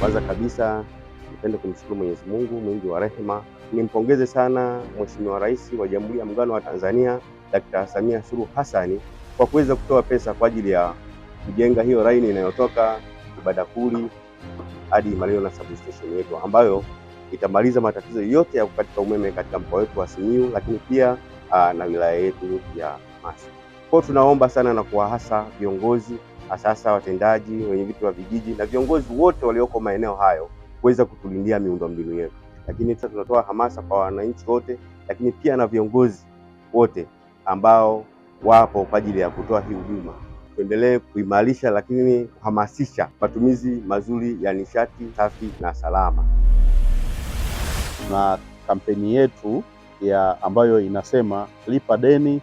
Kwanza kabisa nipende kumshukuru Mwenyezi Mungu mwingi wa rehema. Nimpongeze sana Mheshimiwa Rais wa Jamhuri ya Muungano wa Tanzania Dr. Samia Suluhu Hassan kwa kuweza kutoa pesa kwa ajili ya kujenga hiyo laini inayotoka Kibadakuli hadi na substation yetu ambayo itamaliza matatizo yote ya kukatika umeme katika mkoa wetu wa Simiyu, lakini pia aa, ah, na wilaya yetu ya Masi. Kwa hiyo tunaomba sana na kuwahasa viongozi asasa watendaji, wenye vitu wa vijiji na viongozi wote walioko maeneo hayo kuweza kutulindia miundombinu yetu. Lakini sasa tunatoa hamasa kwa wananchi wote, lakini pia na viongozi wote ambao wapo kwa ajili ya kutoa hii huduma. Tuendelee kuimarisha lakini kuhamasisha matumizi mazuri ya nishati safi na salama. Na kampeni yetu ya ambayo inasema lipa deni,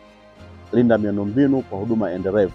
linda miundombinu kwa huduma endelevu.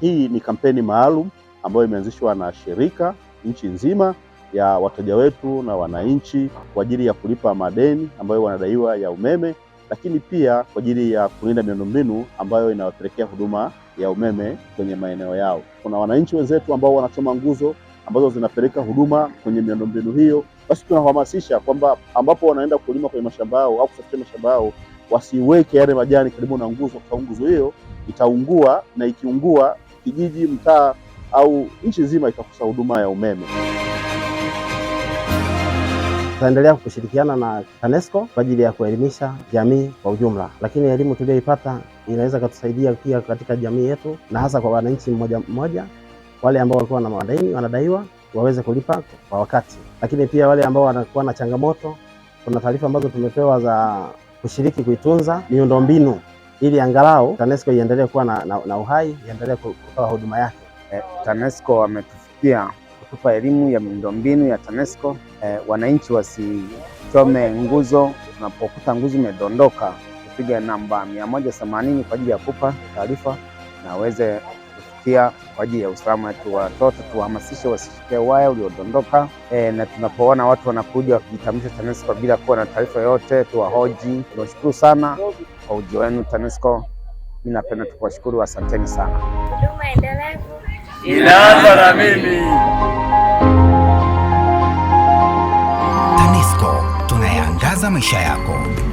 Hii ni kampeni maalum ambayo imeanzishwa na shirika nchi nzima ya wateja wetu na wananchi kwa ajili ya kulipa madeni ambayo wanadaiwa ya umeme, lakini pia kwa ajili ya kulinda miundombinu ambayo inawapelekea huduma ya umeme kwenye maeneo yao. Kuna wananchi wenzetu ambao wanachoma nguzo ambazo zinapeleka huduma kwenye miundombinu hiyo, basi tunahamasisha kwamba ambapo wanaenda kulima kwenye mashamba yao au kusafisha mashamba yao wasiweke yale majani karibu na nguzo, kwa nguzo hiyo itaungua na ikiungua kijiji, mtaa au nchi nzima ikakosa huduma ya umeme. Tutaendelea kushirikiana na TANESCO kwa ajili ya kuelimisha jamii kwa ujumla, lakini elimu tuliyoipata inaweza ikatusaidia pia katika jamii yetu, na hasa kwa wananchi mmoja mmoja, wale ambao walikuwa na madeni wanadaiwa waweze kulipa kwa wakati, lakini pia wale ambao wanakuwa na changamoto, kuna taarifa ambazo tumepewa za kushiriki kuitunza miundombinu ili angalau TANESCO iendelee kuwa na, na, na uhai iendelee kutoa huduma yake. E, TANESCO wametufikia kutupa elimu ya miundombinu ya TANESCO. E, wananchi wasichome nguzo, tunapokuta nguzo imedondoka kupiga namba 180 kwa ajili ya kupa taarifa na waweze kufikia kwa ajili ya usalama wetu wa watoto, tuwahamasishe wasishikie waya uliodondoka. E, na tunapoona watu wanakuja wakijitambulisha TANESCO bila kuwa na taarifa yoyote, tuwahoji. Tunashukuru sana kwa ujio wenu TANESCO. Mimi napenda tukuwashukuru, asanteni sana. Huduma endelevu inaanza na mimi. TANESCO tunayaangaza maisha yako.